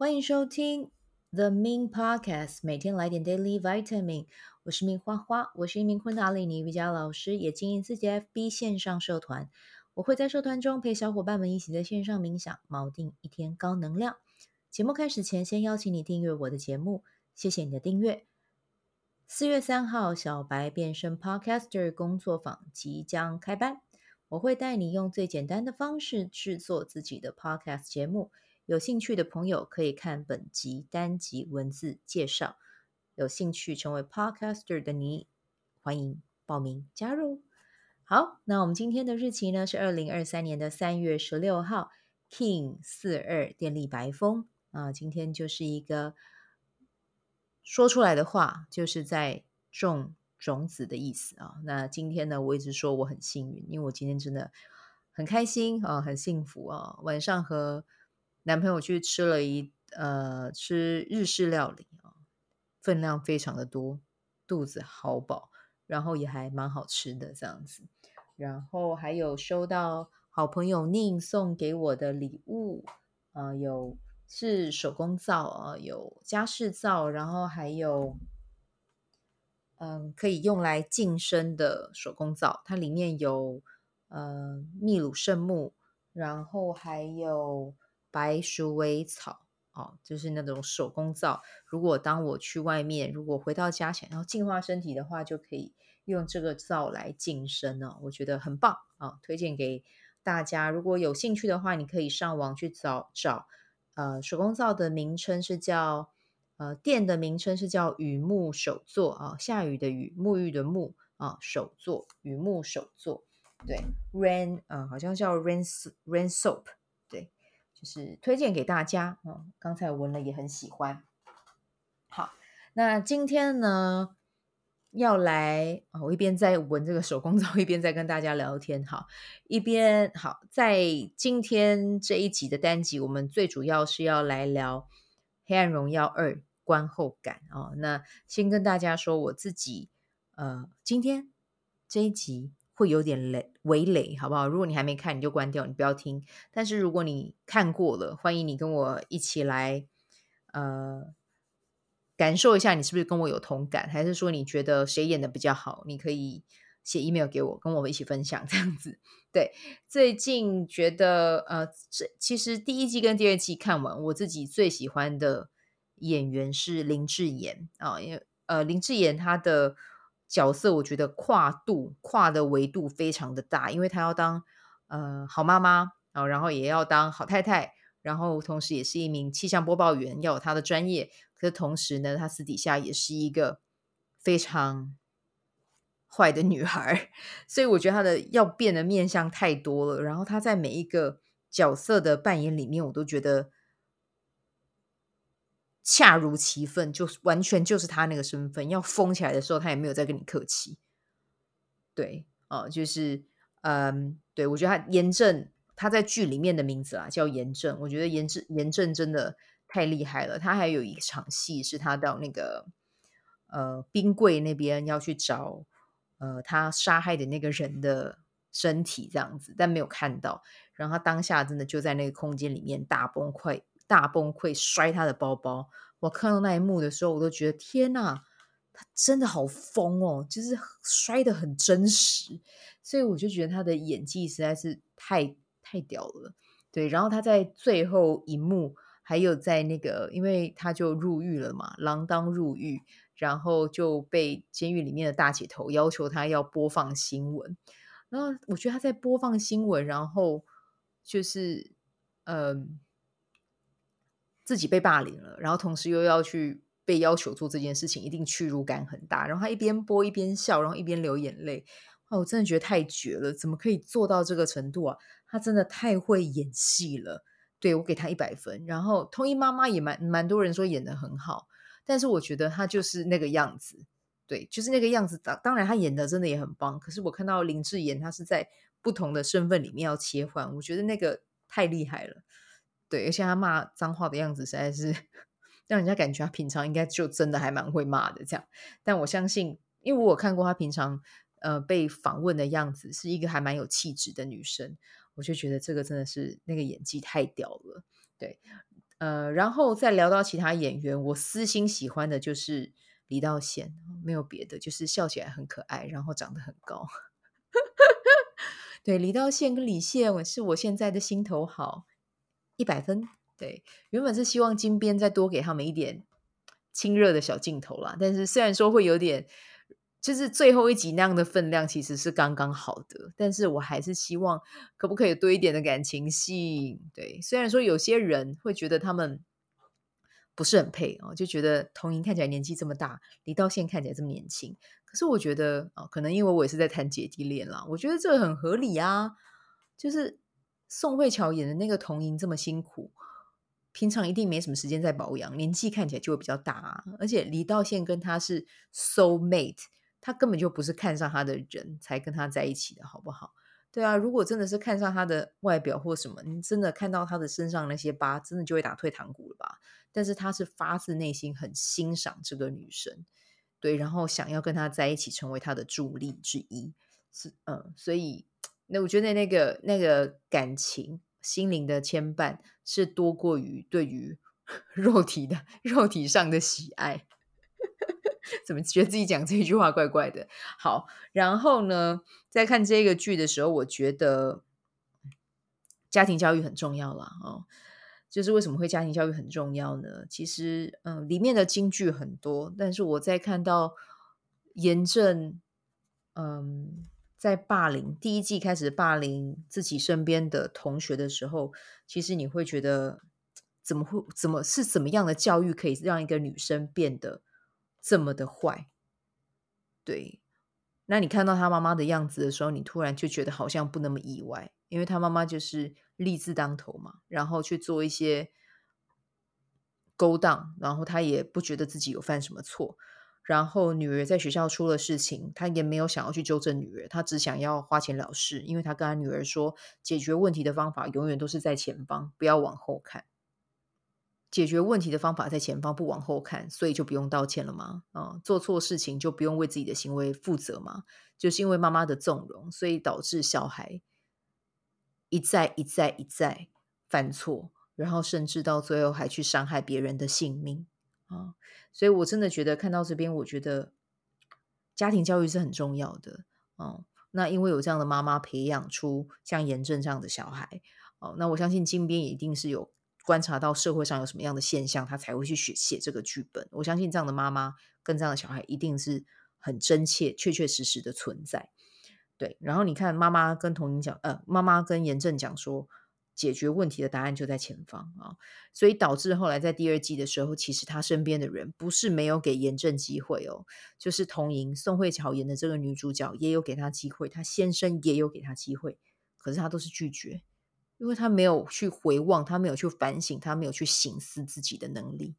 歡迎收聽 The Min Podcast，每天來點 Daily Vitamin。我是 Min 花花，我是一名昆達里尼瑜伽老師，也經營自己 FB 線上社團。我會在社團中陪小伙伴們一起在線上冥想，錨定一天高能量。節目開始前，先邀請你訂閱我的節目，謝謝你的訂閱。四月三號，小白變身 Podcaster 工作坊即將開班，我會帶你用最簡單的方式制作自己的 Podcast 節目。有興趣的朋友可以看本集單集文字介紹。有興趣成為 Podcaster 的你，歡迎報名加入。好，那我們今天的日期呢，是二零二三年的三月十六號，King 四二電力白風啊。今天就是一個說出來的話，就是在種種子的意思啊。那今天呢，我一直說我很幸運，因為我今天真的很開心啊，很幸福啊。晚上和男朋友去吃了一呃，吃日式料理啊，分量非常的多，肚子好飽，然後也還蠻好吃的這樣子。然後還有收到好朋友寧送給我的禮物啊、呃，有是手工皂啊、呃，有家事皂，然後還有嗯、呃，可以用來淨身的手工皂，它裡面有呃秘魯聖木，然後還有。白鼠尾草哦，就是那種手工皂。如果當我去外面，如果回到家想要淨化身體的話，就可以用這個皂來淨身哦，我覺得很棒啊、哦，推薦給大家。如果有興趣的話，你可以上網去找找。呃，手工皂的名稱是叫呃店的名稱是叫雨沐手作啊，下雨的雨沐浴的沐啊手作，雨沐手作，對 rain 嗯、呃，好像叫 rinse, rain soap。就是推薦給大家嗯、哦，剛才我聞了也很喜歡。好，那今天呢，要來，我、哦、一邊在聞這個手工皂，一邊在跟大家聊天。好，一邊好，在今天這一集的單集，我們最主要是要來聊《黑暗榮耀二》觀後感哦。那先跟大家說，我自己呃，今天這一集。會有點雷，微雷，好不好？如果你還沒看，你就關掉，你不要聽。但是如果你看過了，歡迎你跟我一起來，呃，感受一下，你是不是跟我有同感？還是說你覺得誰演的比較好？你可以寫 email 給我，跟我一起分享這樣子。對，最近覺得，呃，這其實第一季跟第二季看完，我自己最喜歡的演員是林志妍啊，因為呃，林志妍她的。角色我覺得跨度跨的維度非常的大，因為她要當呃好媽媽，然後也要當好太太，然後同時也是一名氣象播報員，要有她的專業。可是同時呢，她私底下也是一個非常壞的女孩，所以我覺得她的要變的面相太多了。然後她在每一個角色的扮演裡面，我都覺得。恰如其分，就完全就是他那個身份。要封起來的時候，他也沒有再跟你客氣。對，哦，就是，嗯，對，我覺得他嚴正，他在劇裡面的名字啊，叫嚴正。我覺得嚴正嚴正真的太厲害了。他還有一場戲是他到那個呃冰櫃那邊要去找呃他殺害的那個人的身體，這樣子，但沒有看到，然後他當下真的就在那個空間裡面大崩潰。大崩潰，摔他的包包。我看到那一幕的時候，我都覺得天吶，他真的好瘋哦！就是摔得很真實，所以我就覺得他的演技實在是太太屌了。對，然後他在最後一幕，還有在那個，因為他就入獄了嘛，鋃鐺入獄，然後就被監獄裡面的大姐頭要求他要播放新聞。然後我覺得他在播放新聞，然後就是，嗯、呃。自己被霸凌了，然後同時又要去被要求做這件事情，一定屈辱感很大。然後他一邊播一邊笑，然後一邊流眼淚。哇，我真的覺得太絕了，怎麼可以做到這個程度啊？他真的太會演戲了。對，我給他一百分。然後同珢媽媽也蠻蠻多人說演得很好，但是我覺得他就是那個樣子。對，就是那個樣子。當然他演得真的也很棒，可是我看到林智妍，她是在不同的身份裡面要切換，我覺得那個太厲害了。對，而且他罵髒話的樣子實在是讓人家感覺他平常應該就真的還蠻會罵的這樣。但我相信，因為我看過他平常呃被訪問的樣子，是一個還蠻有氣質的女生，我就覺得這個真的是那個演技太屌了。對，呃，然後再聊到其他演員，我私心喜歡的就是李道賢，沒有別的，就是笑起來很可愛，然後長得很高。 對，李道憲跟李現是我現在的心頭好。一百分，對，原本是希望金編再多給他們一點親熱的小鏡頭啦，但是雖然說會有點，就是最後一集那樣的分量其實是剛剛好的，但是我還是希望可不可以多一點的感情戲？對，雖然說有些人會覺得他們不是很配哦，就覺得同珢看起來年紀這麼大，李到晛看起來這麼年輕，可是我覺得哦，可能因為我也是在談姐弟戀啦，我覺得這很合理啊，就是。宋慧喬演的那個童音這麼辛苦，平常一定沒什麼時間在保養，年紀看起來就會比較大啊。而且李道憲跟他是 soul mate，他根本就不是看上他的人才跟他在一起的好不好？對啊，如果真的是看上他的外表或什麼，你真的看到他的身上那些疤，真的就會打退堂鼓了吧？但是他是發自內心很欣賞這個女生，對，然後想要跟他在一起，成為他的助力之一，是嗯，所以。那我覺得那個那個感情心靈的牽絆是多過於對於肉體的肉體上的喜愛， 怎麼覺得自己講這句話怪怪的？好，然後呢，在看這個劇的時候，我覺得家庭教育很重要了哦。就是為什麼會家庭教育很重要呢？其實，嗯，裡面的金句很多，但是我在看到妍珍，嗯。在霸凌第一季開始霸凌自己身邊的同學的時候，其實你會覺得怎會，怎麼會怎麼是怎麼樣的教育可以讓一個女生變得這麼的壞？對，那你看到她媽媽的樣子的時候，你突然就覺得好像不那麼意外，因為她媽媽就是利字當頭嘛，然後去做一些勾當，然後她也不覺得自己有犯什麼錯。然後女兒在學校出了事情，她也沒有想要去糾正女兒，她只想要花錢了事。因為她跟她女兒說，解決問題的方法永遠都是在前方，不要往後看。解決問題的方法在前方，不往後看，所以就不用道歉了嗎？啊、嗯，做錯事情就不用為自己的行為負責嗎？就是因為媽媽的縱容，所以導致小孩一再一再一再犯錯，然後甚至到最後還去傷害別人的性命。啊、嗯，所以我真的覺得看到這邊，我覺得家庭教育是很重要的哦、嗯。那因為有這樣的媽媽培養出像妍珍這樣的小孩，哦、嗯，那我相信金編一定是有觀察到社會上有什麼樣的現象，他才會去寫寫這個劇本。我相信這樣的媽媽跟這樣的小孩一定是很真切、確確實實的存在。對，然後你看媽媽跟同珢講，呃，媽媽跟妍珍講說。解決問題的答案就在前方啊、哦！所以導致後來在第二季的時候，其實他身邊的人不是沒有給嚴正機會哦，就是童瑩、宋慧喬演的這個女主角也有給他機會，他先生也有給他機會，可是他都是拒絕，因為他沒有去回望，他沒有去反省，他沒有去省思自己的能力，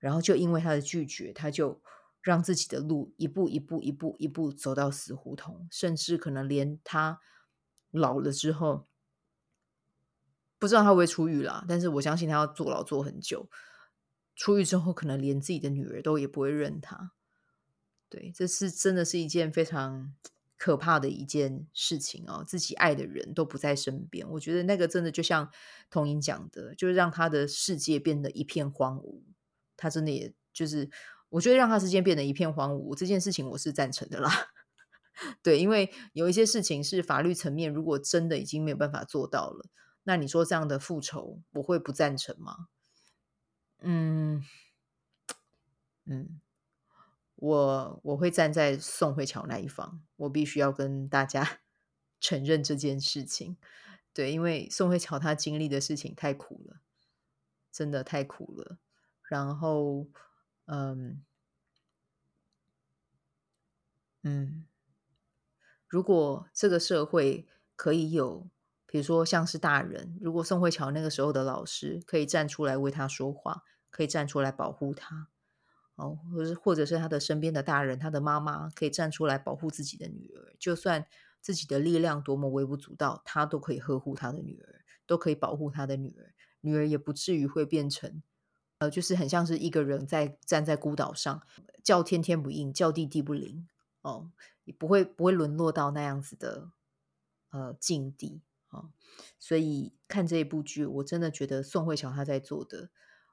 然後就因為他的拒絕，他就讓自己的路一步一步一步一步走到死胡同，甚至可能連他老了之後。不知道他會不會出獄了，但是我相信他要坐牢坐很久。出獄之後，可能連自己的女兒都也不會認他。對，這是真的是一件非常可怕的一件事情哦，自己愛的人都不在身邊。我覺得那個真的就像同珢講的，就是讓他的世界變得一片荒蕪。他真的也就是，我覺得讓他世界變得一片荒蕪這件事情，我是贊成的啦。 對，因為有一些事情是法律層面，如果真的已經沒有辦法做到了。那你說這樣的復仇，我會不贊成嗎？嗯嗯，我我會站在宋慧喬那一方，我必須要跟大家承認這件事情。對，因為宋慧喬她經歷的事情太苦了，真的太苦了。然後，嗯嗯，如果這個社會可以有。比如說，像是大人，如果宋慧喬那個時候的老師可以站出來為他說話，可以站出來保護他，哦，或或者是他的身邊的大人，他的媽媽可以站出來保護自己的女兒，就算自己的力量多麼微不足道，他都可以呵護他的女兒，都可以保護他的女兒，女兒也不至於會變成，呃，就是很像是一個人在站在孤島上，叫天天不應，叫地地不靈，哦，也不會不會淪落到那樣子的，呃，境地。所以看這部劇，我真的覺得宋慧喬她在做的，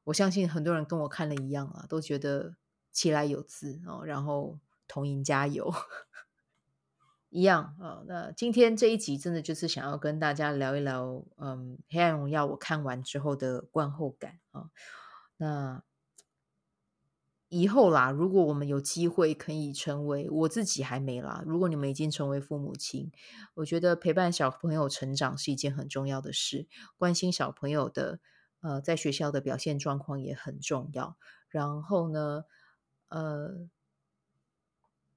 我相信很多人跟我看了一樣啊，都覺得起來有字，哦，然後同珢加油， 一樣啊。那今天這一集真的就是想要跟大家聊一聊，嗯，《黑暗榮耀》我看完之後的觀後感啊。那以後啦，如果我們有機會可以成為我自己還沒啦。如果你們已經成為父母親，我覺得陪伴小朋友成長是一件很重要的事，關心小朋友的呃在學校的表現狀況也很重要。然後呢，呃，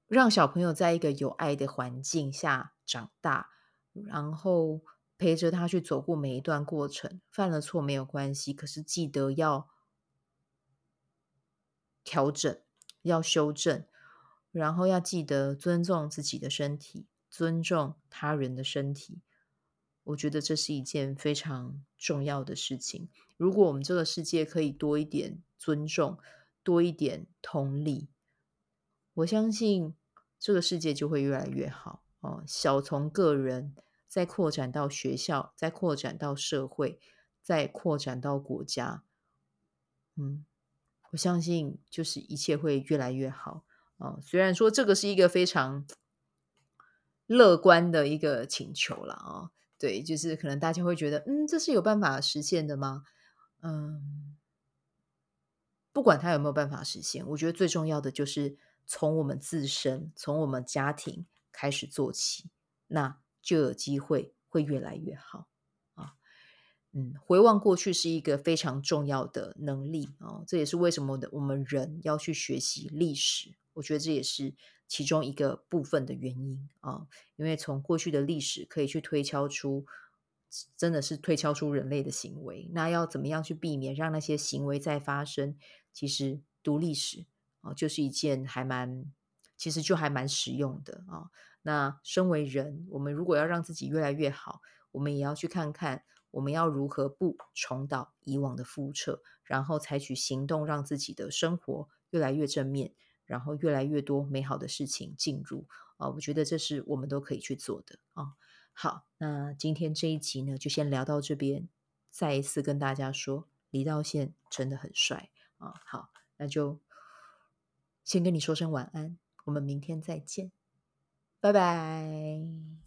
讓小朋友在一個有愛的環境下長大，然後陪着他去走過每一段過程，犯了錯沒有關係，可是記得要。調整，要修正，然後要記得尊重自己的身體，尊重他人的身體。我覺得這是一件非常重要的事情。如果我們這個世界可以多一點尊重，多一點同理，我相信這個世界就會越來越好。哦，小從個人，再擴展到學校，再擴展到社會，再擴展到國家，嗯。我相信就是一切會越來越好哦、嗯。雖然說這個是一個非常樂觀的一個請求了啊、嗯，對，就是可能大家會覺得，嗯，這是有辦法實現的嗎？嗯，不管他有沒有辦法實現，我覺得最重要的就是從我們自身、從我們家庭開始做起，那就有機會會越來越好。嗯，回望過去是一個非常重要的能力哦，這也是為什麼的我們人要去學習歷史。我覺得這也是其中一個部分的原因哦，因為從過去的歷史可以去推敲出，真的是推敲出人類的行為。那要怎麼樣去避免讓那些行為再發生？其實讀歷史哦，就是一件還蠻，其實就還蠻實用的啊，哦。那身為人，我們如果要讓自己越來越好，我們也要去看看。我們要如何不重蹈以往的覆轍，然後採取行動，讓自己的生活越來越正面，然後越來越多美好的事情進入啊、哦？我覺得這是我們都可以去做的啊、哦。好，那今天這一集呢，就先聊到這邊。再一次跟大家說，李到晛真的很帥啊、哦。好，那就先跟你說聲晚安，我們明天再見，拜拜。